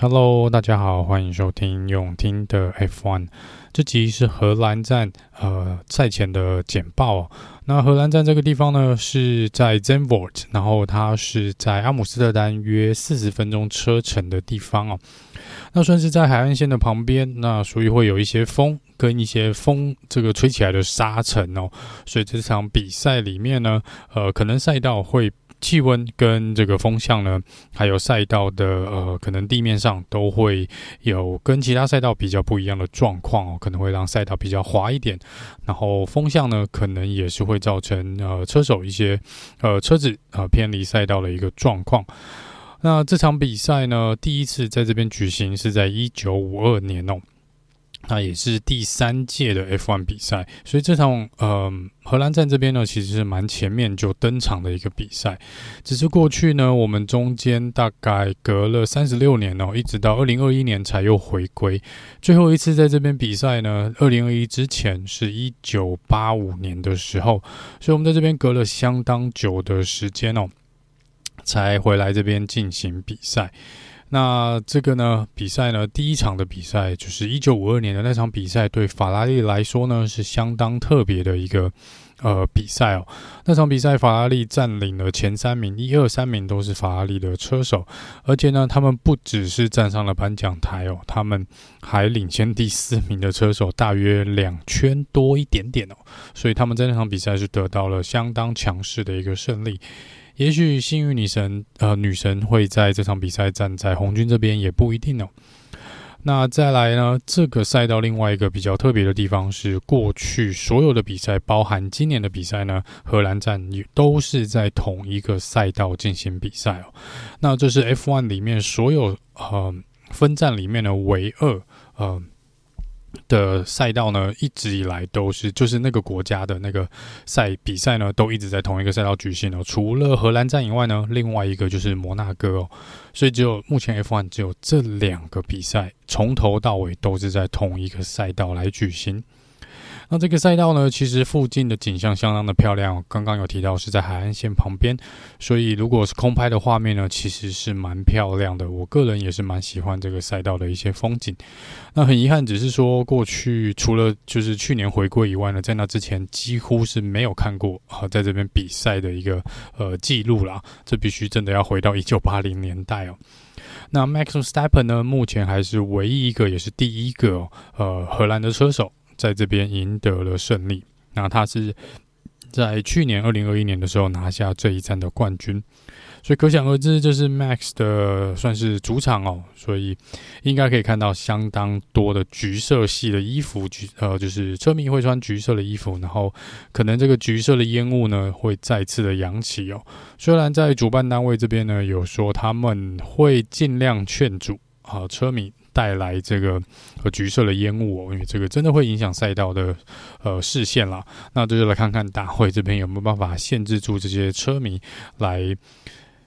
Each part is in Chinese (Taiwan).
Hello，大家好，歡迎收聽永聽的 F1，這集是荷蘭站呃賽前的簡報哦。那荷蘭站這個地方呢，是在 Zandvoort 然後它是在阿姆斯特丹約四十分鐘車程的地方哦。那算是在海岸線的旁邊，那所以會有一些風跟一些風這個吹起來的沙塵哦。所以這場比賽裡面呢，呃，可能賽道會。氣溫跟這個風向呢，還有賽道的呃，可能地面上都會有跟其他賽道比較不一樣的狀況，哦，可能會讓賽道比較滑一點。然後風向呢，可能也是會造成呃車手一些呃車子啊呃偏離賽道的一個狀況。那這場比賽呢，第一次在這邊舉行是在一九五二年哦。那也是第三屆的 F1 比賽，所以這場嗯、呃、荷蘭站這邊呢，其實是蠻前面就登場的一個比賽。只是過去呢，我們中間大概隔了三十六年哦、喔，一直到二零二一年才又回歸。最後一次在這邊比賽呢，二零二一之前是一九八五年的時候，所以我們在這邊隔了相當久的時間哦、喔，才回來這邊進行比賽。那這個呢，比賽呢，第一場的比賽就是一九五二年的那場比賽，對法拉利來說呢，是相當特別的一個呃比賽哦。那場比賽，法拉利佔領了前三名，一二三名都是法拉利的車手，而且呢，他們不只是站上了頒獎台哦，他們還領先第四名的車手大約兩圈多一點點哦。所以他們在那場比賽是得到了相當強勢的一個勝利。也許幸運女神，呃，女神會在這場比賽站在紅軍這邊，也不一定哦、喔。那再來呢？這個賽道另外一個比較特別的地方是，過去所有的比賽，包含今年的比賽呢，荷蘭站也都是在同一個賽道進行比賽哦。那這是 F1 裡面所有呃分站裡面的唯二呃。的賽道呢，一直以來都是就是那個國家的那個賽比賽呢，都一直在同一個賽道舉行哦。除了荷蘭站以外呢，另外一個就是摩納哥哦。所以，只有目前 F1 只有這兩個比賽，從頭到尾都是在同一個賽道來舉行。那這個賽道呢，其實附近的景象相當的漂亮、喔。剛剛有提到是在海岸線旁邊，所以如果是空拍的畫面呢，其實是蠻漂亮的。我個人也是蠻喜歡這個賽道的一些風景。那很遺憾，只是說過去除了就是去年回歸以外呢，在那之前幾乎是沒有看過好，在這邊比賽的一個呃記錄啦，這必須真的要回到一九八零年代哦、喔。那 Max Verstappen 呢，目前還是唯一一個也是第一個、喔、呃荷蘭的車手。在這邊贏得了勝利，那他是在去年二零二一年的時候拿下這一站的冠軍，所以可想而知，這是 Max 的算是主場哦、喔，所以應該可以看到相當多的橘色系的衣服，橘呃就是車迷會穿橘色的衣服，然後可能這個橘色的煙霧呢會再次的揚起哦、喔。雖然在主辦單位這邊呢有說他們會盡量勸阻好、啊、車迷。帶來這個呃橘色的煙霧哦，因為這個真的會影響賽道的呃視線啦。那這就來看看大會這邊有沒有辦法限制住這些車迷來，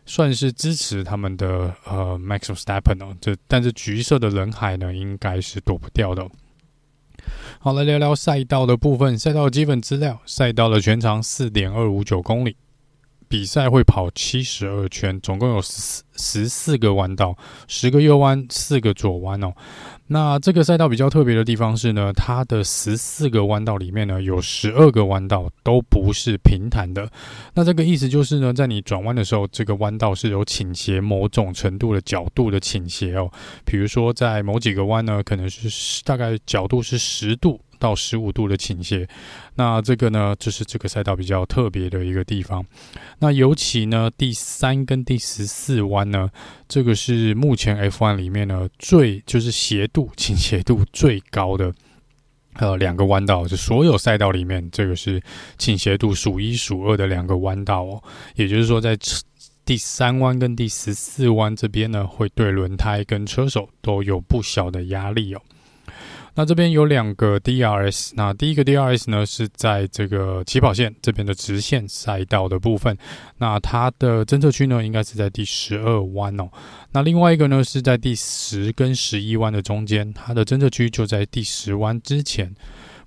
算是支持他們的呃 Max Verstappen 哦、喔。這但是橘色的人海呢，應該是躲不掉的。好，來聊聊賽道的部分。賽道的基本資料：賽道的全長四點二五九公里。比賽會跑七十二圈，總共有十四、十四個彎道，十個右彎，四個左彎哦、喔。那這個賽道比較特別的地方是呢，它的十四個彎道裡面呢，有十二個彎道都不是平坦的。那這個意思就是呢，在你轉彎的時候，這個彎道是有傾斜，某種程度的角度的傾斜哦、喔。比如說，在某幾個彎呢，可能是大概角度是十度。到十五度的傾斜，那這個呢，就是這個賽道比較特別的一個地方。那尤其呢，第三跟第十四彎呢，這個是目前 F1 裡面呢最就是斜度傾斜度最高的呃兩個彎道，就所有賽道裡面這個是傾斜度數一數二的兩個彎道哦。也就是說，在第三彎跟第十四彎這邊呢，會對輪胎跟車手都有不小的壓力哦。那這邊有兩個 DRS，那第一個 DRS 呢，是在這個起跑線這邊的直線賽道的部分，那它的偵測區呢應該是在第十二彎哦。那另外一個呢是在第十跟十一彎的中間，它的偵測區就在第十彎之前。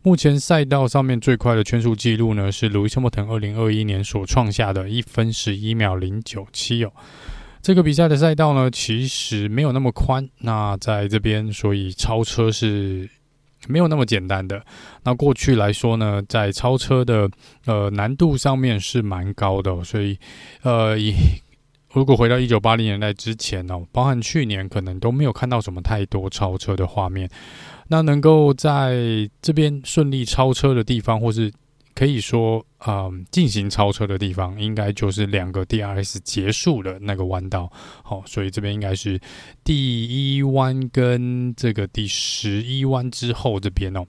目前賽道上面最快的圈速記錄呢是路易斯·莫騰二零二一年所創下的一分十一秒零九七哦。這個比賽的賽道呢，其實沒有那麼寬。那在這邊，所以超車是沒有那麼簡單的。那過去來說呢，在超車的呃難度上面是蠻高的，哦。所以呃以，如果回到一九八零年代之前呢，哦，包含去年可能都沒有看到什麼太多超車的畫面。那能夠在這邊順利超車的地方，或是。可以說，嗯、呃，進行超車的地方應該就是兩個 DRS 結束的那個彎道，好、哦，所以這邊應該是第一彎跟這個第十一彎之後這邊哦，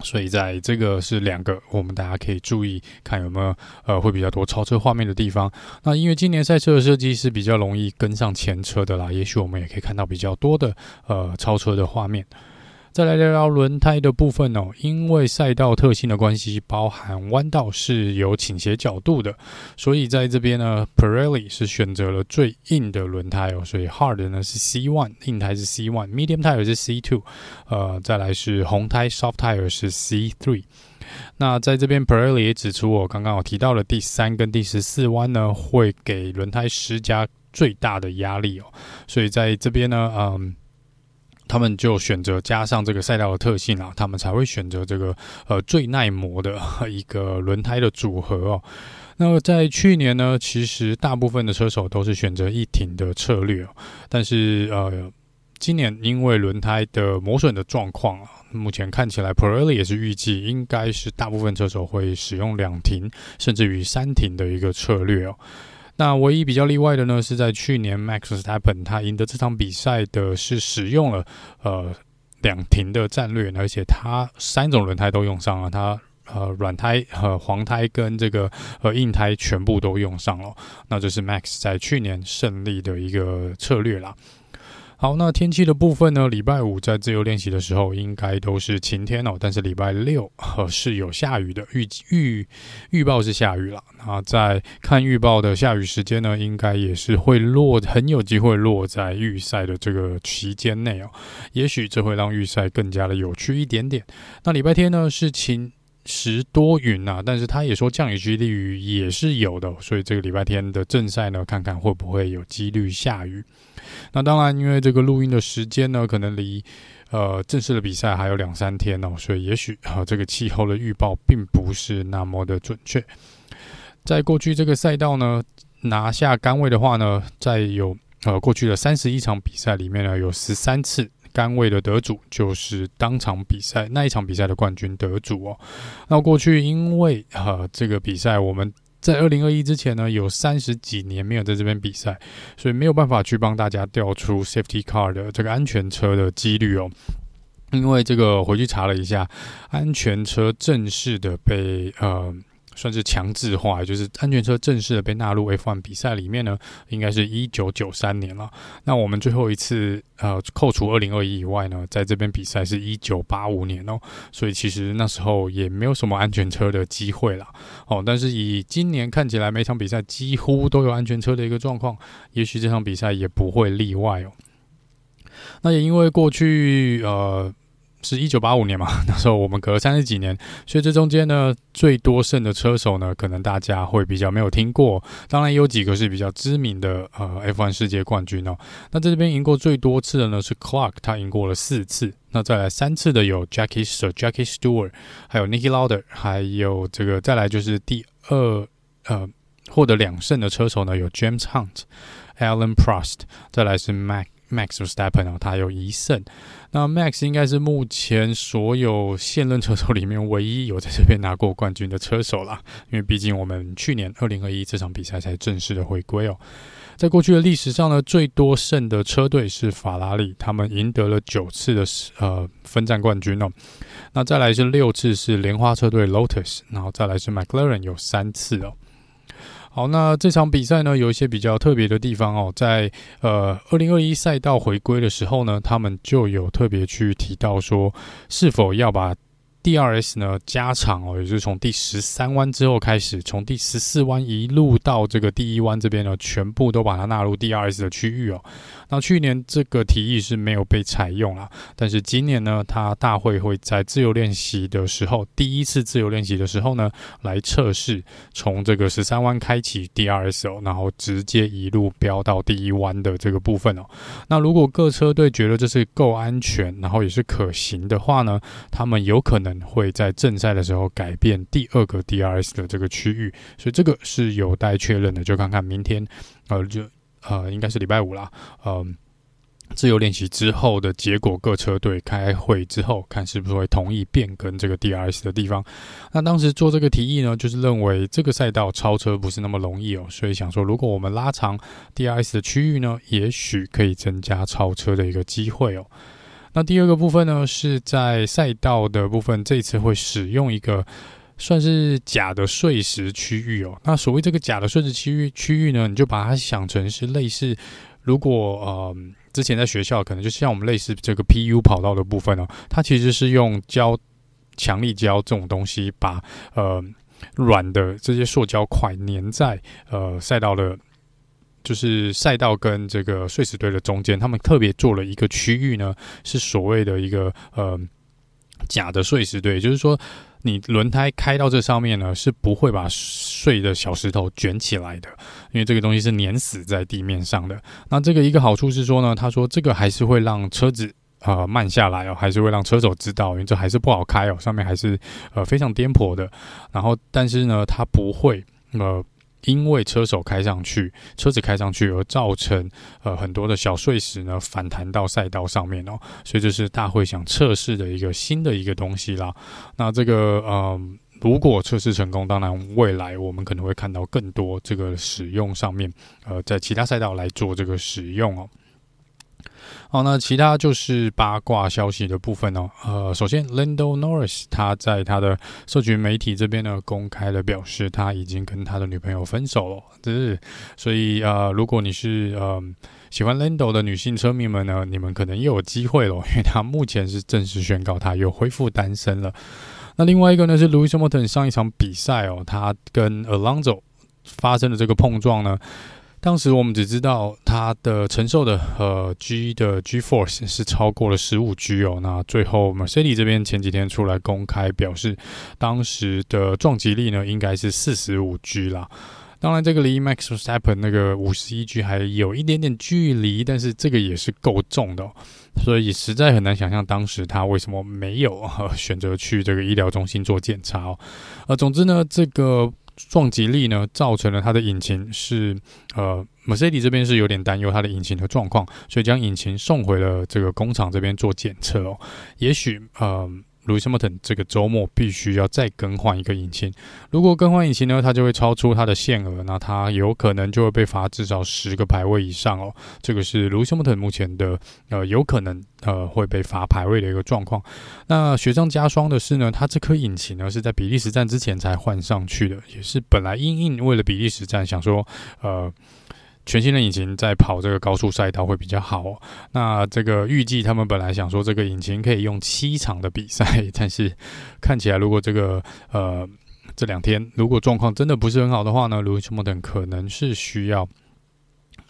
所以在這個是兩個，我們大家可以注意看有沒有，呃，會比較多超車畫面的地方。那因為今年賽車的設計是比較容易跟上前車的啦，也許我們也可以看到比較多的，呃，超車的畫面。再來聊聊輪胎的部分哦，因為賽道特性的關係，包含彎道是有傾斜角度的，所以在這邊呢，Pirelli 是選擇了最硬的輪胎哦，所以 Hard 呢是 C One，硬胎是 C One，Medium Tire 是 C Two，呃，再來是紅胎 Soft Tire 是 C Three。那在這邊 Pirelli 也指出我剛剛我提到的第三跟第十四彎呢，會給輪胎施加最大的壓力哦，所以在這邊呢，嗯。他們就選擇加上這個賽道的特性啊，他們才會選擇這個呃最耐磨的一個輪胎的組合哦。那麼在去年呢，其實大部分的車手都是選擇一停的策略哦。但是呃，今年因為輪胎的磨損的狀況啊，目前看起來 Pirelli 也是預計應該是大部分車手會使用兩停，甚至於三停的一個策略哦。那唯一比較例外的呢，是在去年 Max Verstappen 他贏得這場比賽的是使用了呃兩停的戰略，而且他三種輪胎都用上了，他呃軟胎和黃胎跟這個和硬胎全部都用上了，那這是 Max 在去年勝利的一個策略啦。好，那天氣的部分呢，禮拜五在自由練習的時候，應該都是晴天哦。但是禮拜六，呃，是有下雨的，預預預報是下雨了。那在看預報的下雨時間呢，應該也是會落，很有機會落在預賽的這個期間內哦。也許這會讓預賽更加的有趣一點點。那禮拜天呢，是晴。十多雲吶、啊，但是他也說降雨機率也是有的，所以這個禮拜天的正賽呢，看看會不會有幾率下雨。那當然，因為這個錄音的時間呢，可能離呃正式的比賽還有兩三天哦，所以也許啊、呃，這個氣候的預報並不是那麼的準確。在過去這個賽道呢，拿下桿位的話呢，在有呃過去的三十一場比賽裡面呢，有十三次。竿位的得主就是當場比賽那一場比賽的冠軍得主哦、喔。那過去因為哈、呃、這個比賽，我們在二零二一之前呢，有三十幾年沒有在這邊比賽，所以沒有辦法去幫大家調出 Safety Car 的這個安全車的幾率哦、喔。因為這個回去查了一下，安全車正式的被呃。算是強制化，就是安全車正式的被納入 F1 比賽裡面呢，應該是一九九三年了。那我們最後一次呃扣除二零二一以外呢，在這邊比賽是一九八五年哦，所以其實那時候也沒有什麼安全車的機會啦哦。但是以今年看起來，每場比賽幾乎都有安全車的一個狀況，也許這場比賽也不會例外哦。那也因為過去呃。是一九八五年嘛，那時候我們隔了三十幾年，所以這中間呢，最多勝的車手呢，可能大家會比較沒有聽過。當然也有幾個是比較知名的，呃，F1 世界冠軍哦。那這邊贏過最多次的呢是 Clark，他贏過了四次。那再來三次的有 Jackie Sir, Jackie St，Jackie Stewart，還有 Niki Lauda，還有這個，再來就是第二，呃，獲得兩勝的車手呢有 James Hunt，Alain Prost，再來是 Mac。Max Verstappen 然後他有一勝。那 Max 應該是目前所有現任車手裡面唯一有在這邊拿過冠軍的車手啦，因為畢竟我們去年二零二一這場比賽才正式的回歸哦。在過去的歷史上呢，最多勝的車隊是法拉利，他們贏得了九次的呃分站冠軍哦。那再來是六次是蓮花車隊 Lotus，然後再來是 McLaren 有三次哦。好，那這場比賽呢，有一些比較特別的地方哦，在呃二零二一賽道回歸的時候呢，他們就有特別去提到說，是否要把。DRS 呢加長哦，也就是從第十三彎之後開始，從第十四彎一路到這個第一彎這邊呢，全部都把它納入 DRS 的區域哦。那去年這個提議是沒有被採用啦，但是今年呢，它大會會在自由練習的時候，第一次自由練習的時候呢，來測試從這個十三彎開啟 DRS 哦，然後直接一路飆到第一彎的這個部分哦。那如果各車隊覺得這是夠安全，然後也是可行的話呢，他們有可能會在正賽的時候改變第二個 DRS 的這個區域，所以這個是有待確認的，就看看明天，呃，就呃，應該是禮拜五啦，嗯，自由練習之後的結果，各車隊開會之後，看是不是會同意變更這個 DRS 的地方。那當時做這個提議呢，就是認為這個賽道超車不是那麼容易哦，所以想說，如果我們拉長 DRS 的區域呢，也許可以增加超車的一個機會哦。那第二個部分呢，是在賽道的部分，這一次會使用一個算是假的碎石區域哦。那所謂這個假的碎石區域區域呢，你就把它想成是類似，如果呃之前在學校可能就是像我們類似這個 PU 跑道的部分哦，它其實是用膠強力膠這種東西把呃軟的這些塑膠塊粘在呃賽道的。就是賽道跟這個碎石堆的中間，他們特別做了一個區域呢，是所謂的一個呃假的碎石堆，就是說你輪胎開到這上面呢，是不會把碎的小石頭卷起來的，因為這個東西是粘死在地面上的。那這個一個好處是說呢，他說這個還是會讓車子啊、呃、慢下來哦、喔，還是會讓車手知道，因為這還是不好開哦、喔，上面還是呃非常顛簸的。然後但是呢，它不會呃。因為車手開上去，車子開上去而造成，呃，很多的小碎石呢反彈到賽道上面哦，所以這是大會想測試的一個新的一個東西啦。那這個，嗯，如果測試成功，當然未來我們可能會看到更多這個使用上面，呃，在其他賽道來做這個使用哦。好、哦，那其他就是八卦消息的部分、哦、呃，首先，Lando Norris，他在他的社群媒體這邊呢，公開的表示他已經跟他的女朋友分手了。是，所以呃，如果你是呃喜歡 Lando 的女性車迷們呢，你們可能又有機會了，因為他目前是正式宣告他又恢復單身了。那另外一個呢，是 Lewis Hamilton 上一場比賽哦，他跟 Alonso 發生的這個碰撞呢，當時我們只知道他的承受的呃 G 的 G force 是超過了十五 G 哦，那最後 Mercedes 這邊前幾天出來公開表示，當時的撞擊力呢，應該是四十五 G 啦。當然這個離 Max Verstappen 那個五十一 G 還有一點點距離，但是這個也是夠重的哦，所以實在很難想象當時他為什麼沒有，呃，選擇去這個醫療中心做檢查哦。呃，總之呢，這個。撞擊力呢，造成了它的引擎是，呃，Mercedes 這邊是有點擔憂它的引擎的狀況，所以將引擎送回了這個工廠這邊做檢測哦，也許，嗯、呃。盧西莫騰這個周末必須要再更換一個引擎，如果更換引擎呢，它就會超出它的限額，那它有可能就會被罰至少十個排位以上哦。這個是盧西莫騰目前的呃有可能呃會被罰排位的一個狀況。那雪上加霜的是呢，它這顆引擎呢是在比利時站之前才換上去的，也是本來因應為了比利時站想說呃。全新的引擎，在跑這個高速賽道會比較好哦。那這個預計他們本來想說這個引擎可以用七場的比賽，但是看起來如果這個呃這兩天如果狀況真的不是很好的話呢，路易斯·莫等可能是需要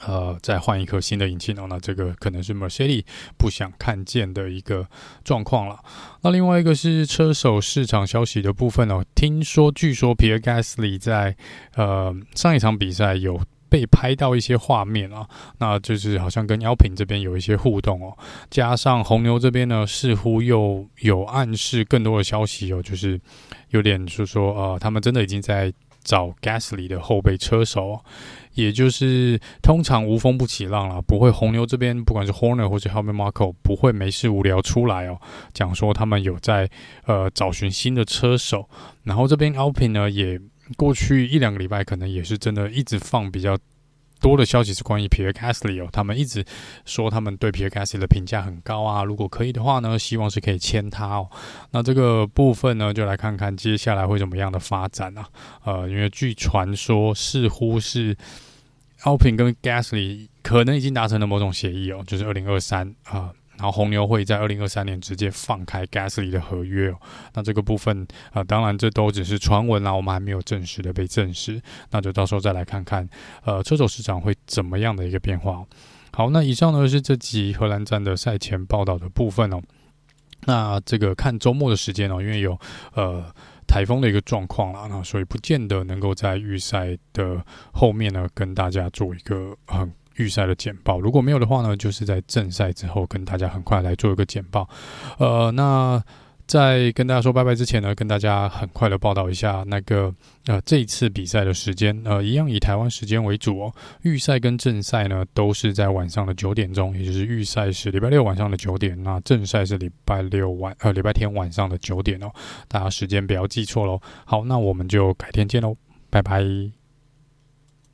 呃再換一顆新的引擎哦。那這個可能是 Mercedes 不想看見的一個狀況了。那另外一個是車手市場消息的部分哦，聽說據說皮爾·蓋斯利在呃上一場比賽有。被拍到一些畫面啊，那就是好像跟 Alpine 這邊有一些互動哦。加上紅牛這邊呢，似乎又有暗示更多的消息哦，就是有點是說呃，他們真的已經在找 Gasly 的後備車手哦，也就是通常無風不起浪啦。不會，紅牛這邊不管是 Horner 或者 Helmut Marko，不會沒事無聊出來哦，講說他們有在呃找尋新的車手。然後這邊 Alpine 呢也。過去一兩個禮拜，可能也是真的，一直放比較多的消息，是關於 Pierre Gasly 哦。他們一直說他們對 Pierre Gasly 的評價很高啊。如果可以的話呢，希望是可以簽他哦。那這個部分呢，就來看看接下來會怎麼樣的發展啊。呃，因為據傳說，似乎是 Alpine 跟 Gasly 可能已經達成了某種協議哦，就是二零二三啊。然後紅牛會在二零二三年直接放開 Gasly 的合約哦，那這個部分啊，呃，當然這都只是傳聞啦，我們還沒有正式的被證實，那就到時候再來看看，呃，車手市場會怎麼樣的一個變化。好，那以上呢是這集荷蘭站的賽前報道的部分哦。那這個看周末的時間哦，因為有呃台風的一個狀況啦，那所以不見得能夠在預賽的後面呢跟大家做一個很。預賽的簡報，如果沒有的話呢，就是在正賽之後跟大家很快來做一個簡報。呃，那在跟大家說拜拜之前呢，跟大家很快的報道一下那個呃這一次比賽的時間，呃，一樣以台灣時間為主哦。預賽跟正賽呢都是在晚上的九點鐘，也就是預賽是禮拜六晚上的九點，那正賽是禮拜六晚呃禮拜天晚上的九點哦，大家時間不要記錯嘍。好，那我們就改天見嘍，拜拜。